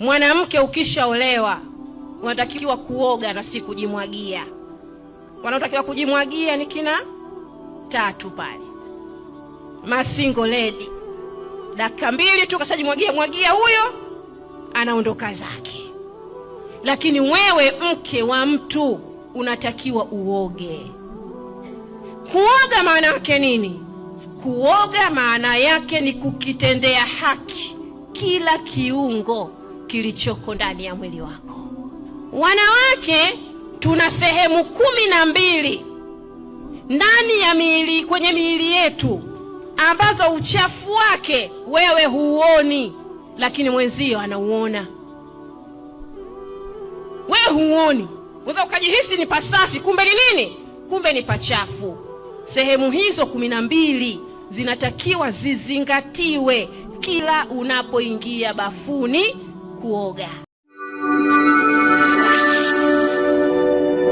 Mwanamke ukishaolewa unatakiwa kuoga na si kujimwagia. Wanaotakiwa kujimwagia ni kina tatu pale, masingo ledi. Dakika mbili tu kashajimwagia mwagia, huyo anaondoka zake. Lakini wewe mke wa mtu unatakiwa uoge. Kuoga maana yake nini? Kuoga maana yake ni kukitendea haki kila kiungo kilichoko ndani ya mwili wako. Wanawake tuna sehemu kumi na mbili ndani ya miili, kwenye miili yetu ambazo uchafu wake wewe huuoni, lakini mwenzio anauona, wewe huuoni. Unaweza ukajihisi ni pasafi, kumbe ni nini? Kumbe ni pachafu. Sehemu hizo kumi na mbili zinatakiwa zizingatiwe kila unapoingia bafuni Kuoga.